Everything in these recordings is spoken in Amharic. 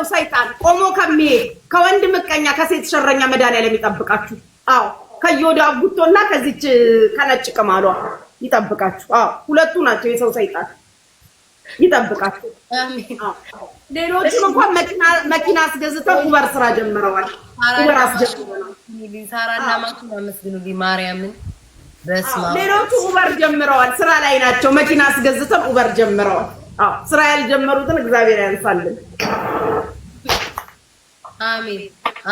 ያለው ሰይጣን ቆሞ ከሚሄድ ከወንድ ምቀኛ ከሴት ሸረኛ መድኃኒዓለም ይጠብቃችሁ። አዎ ከዮዳ ጉቶና ከዚች ከነጭ ቅማሏ ይጠብቃችሁ። አዎ ሁለቱ ናቸው የሰው ሰይጣን ይጠብቃችሁ። ሌሎችም እንኳን መኪና አስገዝተው ኡበር ስራ ጀምረዋል። ኡበር አስጀምረናል። ሳራና ማኪና መስግኑልኝ ማርያምን ሌሎቹ ኡበር ጀምረዋል። ስራ ላይ ናቸው። መኪና አስገዝተን ኡበር ጀምረዋል። ስራ ያልጀመሩትን እግዚአብሔር ያንሳልን። አሜን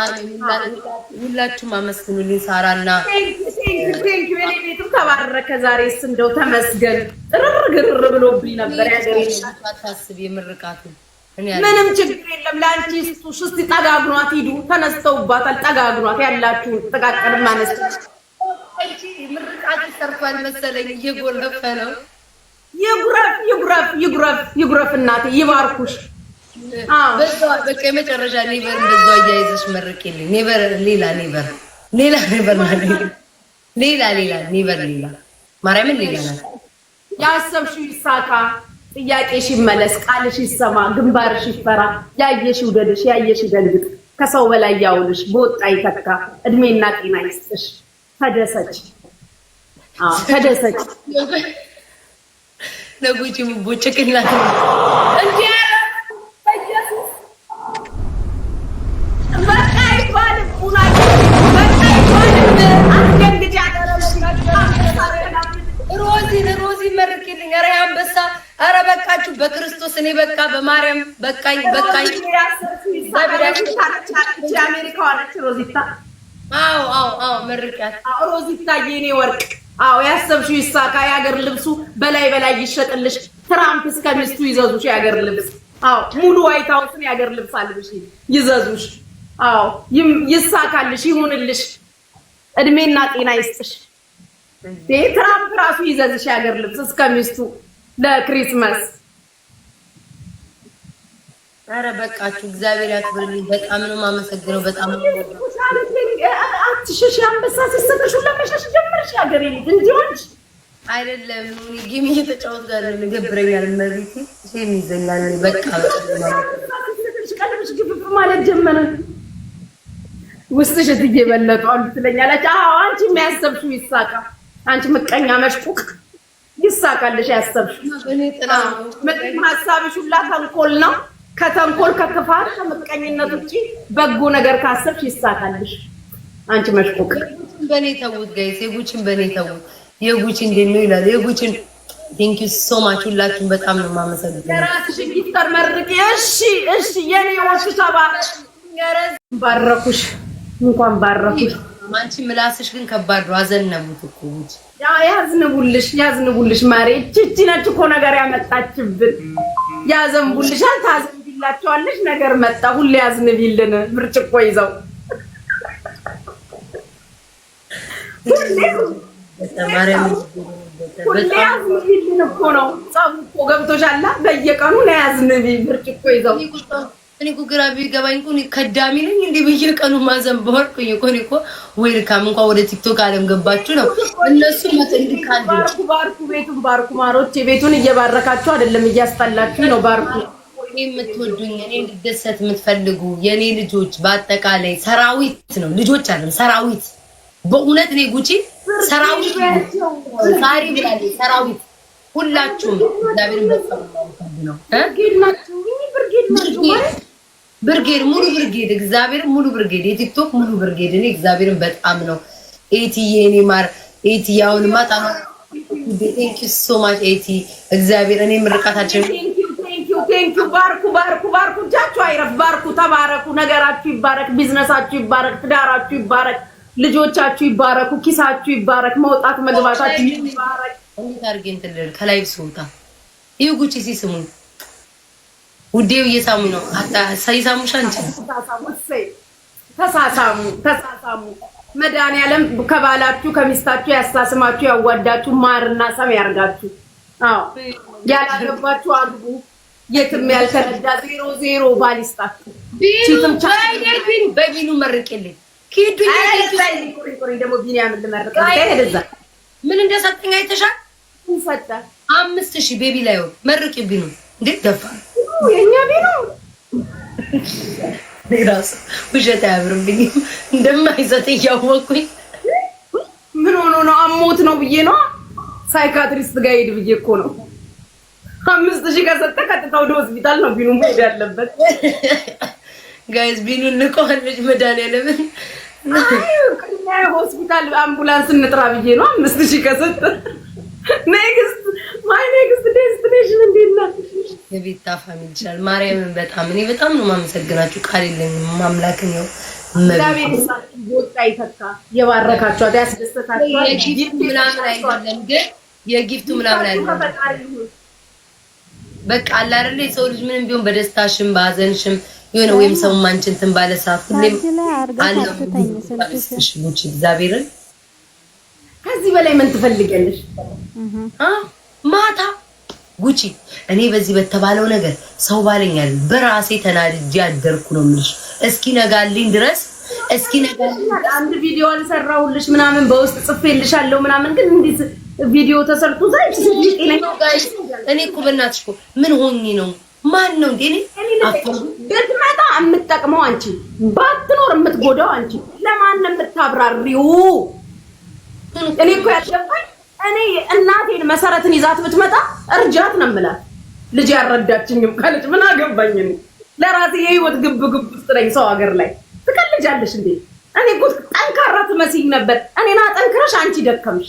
አሜን። ሁላችሁም አመስግኑልኝ። ሳራና ተባረከ። ዛሬ ስ እንደው ተመስገን። ጥርር ግርር ብሎብኝ ነበር። ያገታስብ የምርቃቱ ምንም ችግር የለም። ለአንቺ ስጡሽ። እስኪ ጠጋግኗት ሂዱ። ተነስተውባታል። ጠጋግኗት ያላችሁ ጥቃቅን ማነስ ምርቃቱ ሰርቷል መሰለኝ። እየጎረፈ ነው። ይጉረፍ ይጉረፍ ይጉረፍ ይጉረፍ። እናቴ ይባርኩሽ። በቃ የመጨረሻ ኔቨር እንደዛው አያይዘሽ ኔቨር ሌላ ኔቨር ሌላ ኔቨር ሌላ ሌላ ኔቨር ሌላ ማርያምን ሌላ ናት። ያሰብሽው ይሳካ፣ ጥያቄሽ ይመለስ፣ ቃልሽ ይሰማ፣ ግንባርሽ ይፈራ፣ ያየሽ ውደድሽ ያየሽ ይደንግጥ፣ ከሰው በላይ ያውልሽ፣ በወጣ ይተካ፣ እድሜና ጤና ይስጥሽ። ተደሰች ተደሰች እንዴ በክርስቶስ እኔ በቃ በማርያም በቃኝ በቃኝ። አዎ አዎ አዎ መርቂያት ሮዚታ የኔ ወርቅ አዎ ያሰብሽው ይሳካ። የሀገር ልብሱ በላይ በላይ ይሸጥልሽ። ትራምፕ እስከ ሚስቱ ይዘዙሽ የሀገር ልብስ። አዎ ሙሉ ዋይት ሀውስን የሀገር ልብስ አልብሽ ይዘዙሽ። አዎ ይሳካልሽ፣ ይሁንልሽ፣ እድሜና ጤና ይስጥሽ። ትራምፕ ራሱ ይዘዝሽ የሀገር ልብስ እስከ ሚስቱ ለክሪስማስ ኧረ በቃችሁ፣ እግዚአብሔር ያክብርልኝ። በጣም ነው የማመሰግነው። በጣም አትሸሽ፣ አንበሳ ሲሰጠሽ ለመሸሽ መሸሽ ጀመርሽ። ሀገሬ እንዲሆንሽ አይደለም ጌም እየተጫወት ጋር ገብረኛል መሪቲ የሚዘላል በቃ ቀለምሽ ግብብ ማለት ጀመረ። ውስጥሽ እትዬ በለጡ አሉ ትለኛለች። አዎ አንቺ የሚያሰብሽው ይሳካ። አንቺ ምቀኛ መሽቁቅ ይሳካልሽ። ያሰብሽው ሀሳብሽ ሁላ ተንኮል ነው። ከተንኮል ከክፋት ከምቀኝነት ውጪ በጎ ነገር ካሰብሽ ይሳካልሽ። አንቺ መሽቁቅ በኔ ተውት፣ ጋይስ የጉችን በኔ ተውት። የጉች እንዴት ነው ይላል። የጉችን ቴንክ ዩ ሶ ማች ሁላችሁም በጣም ነው የማመሰግነው። ራስሽ ጊፍተር መርቂ። እሺ፣ እሺ የኔ ወሱ ሰባ ባረኩሽ፣ እንኳን ባረኩሽ። አንቺ ምላስሽ ግን ከባድ ነው። አዘነቡት እኮ ጉች ያዝንቡልሽ፣ ያዝንቡልሽ ማሬ። እቺ ነች እኮ ነገር ያመጣችብን። ያዘንቡልሻል ታዝ ላቸዋለሽ ነገር መጣ ሁሌ ያዝንቢልን ብርጭቆ ይዘው ሁሌ ያዝንቢልን እኮ ነው ጸቡ እኮ ገብቶሻላ። በየቀኑ ለያዝንቢ ብርጭቆ ይዘው እኔ እኮ ግራ ቢገባኝ እኮ ከዳሚ ነኝ እንዴ? ቀኑ ማዘን በወርቁኝ እኮ እኔ እኮ ዌልካም እንኳን ወደ ቲክቶክ አለም ገባችሁ ነው እነሱ መጥንካል። ባርኩ ቤቱን ባርኩ ማሮች፣ ቤቱን እየባረካችሁ አይደለም እያስጠላችሁ ነው። ባርኩ የምትወዱኝ እኔ እንድደሰት የምትፈልጉ የእኔ ልጆች በአጠቃላይ ሰራዊት ነው ልጆች አለም ሰራዊት በእውነት እኔ ጉቺ ሰራዊት ዛሬ ብላለች ሰራዊት ሁላችሁም እግዚአብሔር ብርጌድ ሙሉ ብርጌድ እግዚአብሔር ሙሉ ብርጌድ የቲክቶክ ሙሉ ብርጌድ እኔ እግዚአብሔርን በጣም ነው ኤቲ የኔ ማር ኤቲ ያሁንማ ጣማ ቴንኪ ሶ ማች ኤቲ እግዚአብሔር እኔ ምርቃታችን ቴንኪዩ ባርኩ፣ ባርኩ፣ ባርኩ። እጃችሁ አይረፍ። ባርኩ፣ ተባረኩ። ነገራችሁ ይባረክ፣ ቢዝነሳችሁ ይባረክ፣ ትዳራችሁ ይባረክ፣ ልጆቻችሁ ይባረኩ፣ ኪሳችሁ ይባረክ፣ መውጣት መግባታችሁ ይባረክ። እንዴት አድርጌ እንትን ልል ከላይ ስሙታ ይህ ጉቺ ሲስሙ ውዴው እየሳሙ ነው። ሳይሳሙሽ አንቺ ተሳሳሙ፣ ተሳሳሙ። መድኃኒዓለም ከባላችሁ ከሚስታችሁ ያሳስማችሁ፣ ያዋዳችሁ፣ ማርና ሰም ያርጋችሁ። አዎ ያላገባችሁ አግቡ። የትም ያልተረዳ ዜሮ ዜሮ ባል በቢኑ መርቅልኝ። ኪዱ ደግሞ ቢኒያምን ልመርቅ። ምን እንደሰጠኝ አይተሻል? ሰጠ አምስት ሺህ ቤቢ ላይ መርቅ። ቢኑ እንዴት ደፋ የእኛ ቢኑ ራሱ ውሸት አያምርብኝ። እንደማይዘት እያወቅኩኝ ምን ሆኖ ነው? አሞት ነው ብዬ ነው ሳይካትሪስት ጋር ሄድ ብዬ እኮ ነው አምስት ሺህ ከሰጠ ቀጥታ ወደ ሆስፒታል ነው ቢኑ መሄድ ያለበት። ጋይዝ ቢኑ ንቆልጅ መድኃኒዓለምን ሆስፒታል አምቡላንስ እንጥራ ብዬ ነው። አምስት ሺህ ከሰጠ ኔክስት ማይ ኔክስት ዴስቲኔሽን እንዴት ናት? የቤታ ፋሚሊ ይችላል። ማርያምን በጣም እኔ በጣም ነው የማመሰግናችሁ። ቃል የለኝም። ማምላክ ነው ወጣ ይተካ የባረካችኋት ያስደሰታችኋት ምናምን አይደለም ግን የጊፍቱ ምናምን አይደለም በቃ አለ አይደለ የሰው ልጅ ምንም ቢሆን በደስታሽም በሀዘንሽም የሆነ ወይም ሰው ማንችን እንትን ባለ ሰዓት ሁሌም አለው። እግዚአብሔርን ከዚህ በላይ ምን ትፈልጊያለሽ? ማታ ጉቺ፣ እኔ በዚህ በተባለው ነገር ሰው ባለኛል በራሴ ተናድጄ አደርኩ ነው የምልሽ። እስኪ ነጋልኝ ድረስ እስኪ ነጋልኝ አንድ ቪዲዮ አልሰራሁልሽ ምናምን በውስጥ ጽፌልሻለሁ ምናምን ግን እንዴት ቪዲዮ ተሰርቶ ዛይ እኔ እኮ በእናትሽ እኮ ምን ሆኜ ነው? ማን ነው እንዴ? እኔ ብትመጣ የምትጠቅመው አንቺ፣ ባትኖር የምትጎዳው አንቺ። ለማን ነው የምታብራሪው? እኔ እኮ ያልገባኝ እኔ እናቴን መሰረትን ይዛት ብትመጣ እርጃት ነው የምላት። ልጅ ያረዳችኝም ካለች ምን አገባኝ? ለራሴ የህይወት ግብ ግብ ውስጥ ነኝ። ሰው ሀገር ላይ ትቀልጃለሽ እንዴ? እኔ እኮ ጠንካራ ትመስይኝ ነበር። እኔና ጠንክረሽ አንቺ ደከምሽ።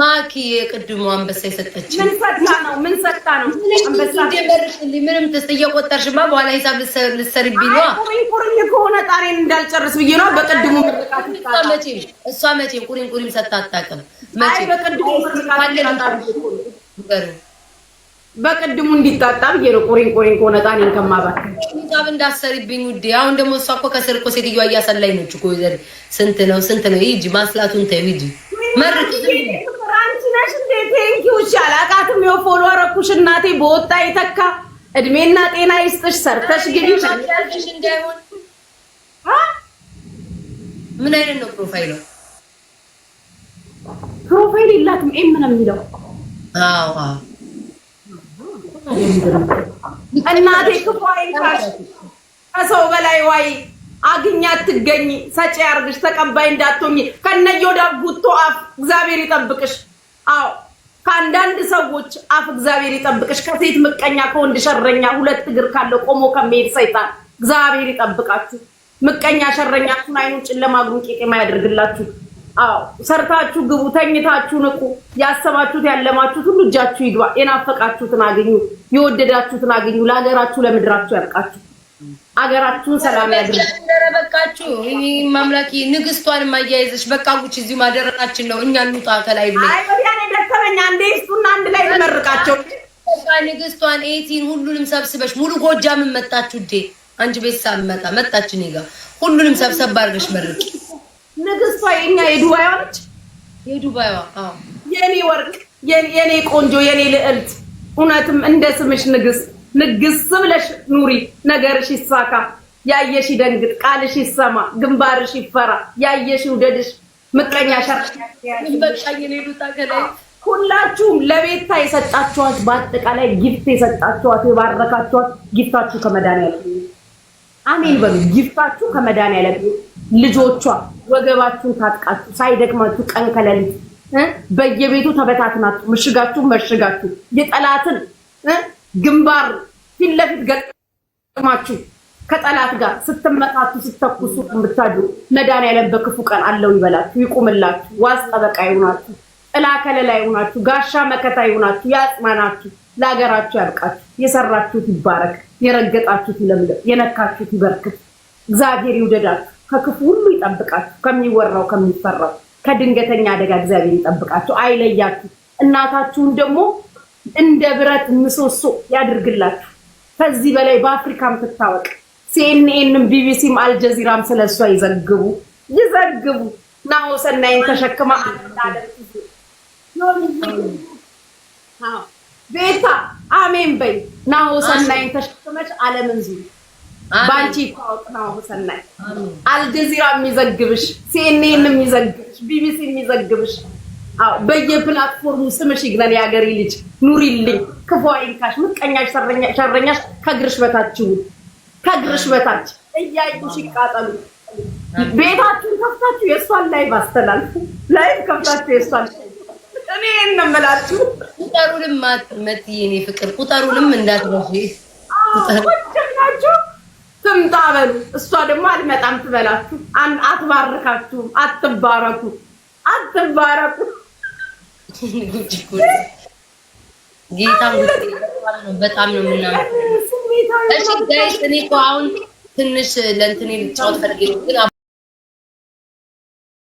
ማኪ የቅድሙ አንበሳ የሰጠች ምን ሰጣ ነው? ምን ሰጣ ነው? አንበሳ ደመርሽልኝ። ምንም ትስጥ እየቆጠርሽማ በኋላ ሂሳብ ልትሰርብኝ ነው። ቁሪን ቁሪን ከሆነ ጣሬን እንዳልጨርስ ብዬ ነው። በቅድሙ መቼም እሷ መቼም ቁሪን ቁሪን ሰጣ አታውቅም። በቅድሙ እንዲጣጣ ብዬ ነው። ቁሪን ቁሪን ከሆነ ጣሬን ከማባከን ሂሳብ እንዳሰርብኝ ውዴ። አሁን ደግሞ እሷ እኮ ከስር እኮ ሴትዮዋ እያሰላኝ ነች እኮ ዘር ስንት ነው ስንት ነው? ሂጂ ማስላቱን ተይው ሂጂ መርራንችነሽ እንዴ አረኩሽ እናቴ በወጣ የተካ እድሜና ጤና ይስጥሽ። ሰርተሽ ግቢ ምን አይነት ነው ፕሮፋይሉ? ፕሮፋይል የላትም ኤም ነው የሚለው። እናቴ ክፉ አይንካሽ ከሰው በላይ ዋይ አግኛ አትገኝ ሰጪ አርግሽ ተቀባይ እንዳትሆኝ ከነየወዳ ጉቶ አፍ እግዚአብሔር ይጠብቅሽ። አዎ ከአንዳንድ ሰዎች አፍ እግዚአብሔር ይጠብቅሽ። ከሴት ምቀኛ፣ ከወንድ ሸረኛ፣ ሁለት እግር ካለው ቆሞ ከመሄድ ሰይጣን እግዚአብሔር ይጠብቃችሁ። ምቀኛ ሸረኛ አይኑ ጨለማ እግሩን ቄጤማ ያደርግላችሁ። አዎ ሰርታችሁ ግቡ፣ ተኝታችሁ ንቁ። ያሰባችሁት ያለማችሁት ሁሉ እጃችሁ ይግባ። የናፈቃችሁትን አገኙ፣ የወደዳችሁትን አገኙ። ለሀገራችሁ ለምድራችሁ ያልቃችሁ። አገራችሁን ሰላም ያድርግበቃችሁ። ማምላኪ ንግስቷን ማያይዘች በቃ ጉች እዚሁ ማደረጋችን ነው። እኛ እንውጣ ከላይ ብለ ደከመኛ እንደ እሱና አንድ ላይ መርቃቸው ንግስቷን ኤቲን ሁሉንም ሰብስበሽ ሙሉ ጎጃም መጣችሁ ዴ አንቺ ቤት ሳመጣ መጣች እኔ ጋር ሁሉንም ሰብሰብ አድርገሽ መርቅ። ንግስቷ የኛ የዱባይዋ ነች። የዱባይዋ የኔ ወርቅ፣ የኔ ቆንጆ፣ የኔ ልዕልት እውነትም እንደ ስምሽ ንግስት ንግስ ብለሽ ኑሪ። ነገርሽ ይሳካ፣ ያየሽ ይደንግጥ፣ ቃልሽ ይሰማ፣ ግንባርሽ ይፈራ፣ ያየሽ ይውደድሽ። ምቀኛ ሁላችሁም ለቤታ የሰጣችኋት በአጠቃላይ ጊፍት የሰጣችኋት የባረካችኋት ጊፍታችሁ ከመድኃኒዓለም አሜን በሉ። ጊፍታችሁ ከመድኃኒዓለም ልጆቿ ወገባችሁን ታጥቃችሁ ሳይደክማችሁ ቀን ከሌሊት በየቤቱ ተበታትናችሁ ምሽጋችሁ መሽጋችሁ የጠላትን ግንባር ፊት ለፊት ገጥማችሁ ከጠላት ጋር ስትመታቱ ስተኩሱ ብታድሩ መድኃኒዓለም በክፉ ቀን አለው ይበላችሁ፣ ይቁምላችሁ፣ ዋስ ጠበቃ ይሁናችሁ፣ ጥላ ከለላ ይሁናችሁ፣ ጋሻ መከታ ይሁናችሁ፣ ያጽናናችሁ፣ ለሀገራችሁ ያብቃችሁ። የሰራችሁት ይባረክ፣ የረገጣችሁት ለምለም የነካችሁት ይበርክት። እግዚአብሔር ይውደዳችሁ፣ ከክፉ ሁሉ ይጠብቃችሁ፣ ከሚወራው ከሚፈራው ከድንገተኛ አደጋ እግዚአብሔር ይጠብቃችሁ፣ አይለያችሁ። እናታችሁን ደግሞ እንደ ብረት ምሰሶ ያድርግላችሁ። ከዚህ በላይ በአፍሪካም ትታወቅ። ሲኤንኤንም ቢቢሲም አልጀዚራም ስለሷ ይዘግቡ ይዘግቡ። ናሆሰናይን ተሸክማ ቤታ አሜን በይ። ናሆሰናይን ተሸክመች አለምን ዙ ባንቺ ይታወቅ። ሰናይ አልጀዚራ የሚዘግብሽ፣ ሲኤንኤን የሚዘግብሽ፣ ቢቢሲ የሚዘግብሽ በየፕላትፎርሙ ስምሽ ይግበል፣ የሀገሬ ልጅ ኑሪልኝ፣ ክፉ አይንካሽ፣ ምቀኛሽ፣ ሸረኛሽ ከግርሽ በታች ከግርሽ በታች እያዩሽ ሲቃጠሉ ቤታችሁን ከፍታችሁ የእሷን ላይ አስተላልፉ፣ ላይም ከፍታችሁ የእሷን እኔ እንመላችሁ ቁጠሩንም ማትመት የኔ ፍቅር ቁጠሩንም እንዳትረሱ ናችሁ ትምጣ በሉ። እሷ ደግሞ አልመጣም ትበላችሁ። አትባርካችሁም፣ አትባረኩ፣ አትባረኩ ጌታ በጣም ነው ምናምን። እሺ ጋይስ እኔ እኮ አሁን ትንሽ ለእንትኔ ልጫወት ፈልጌ ግን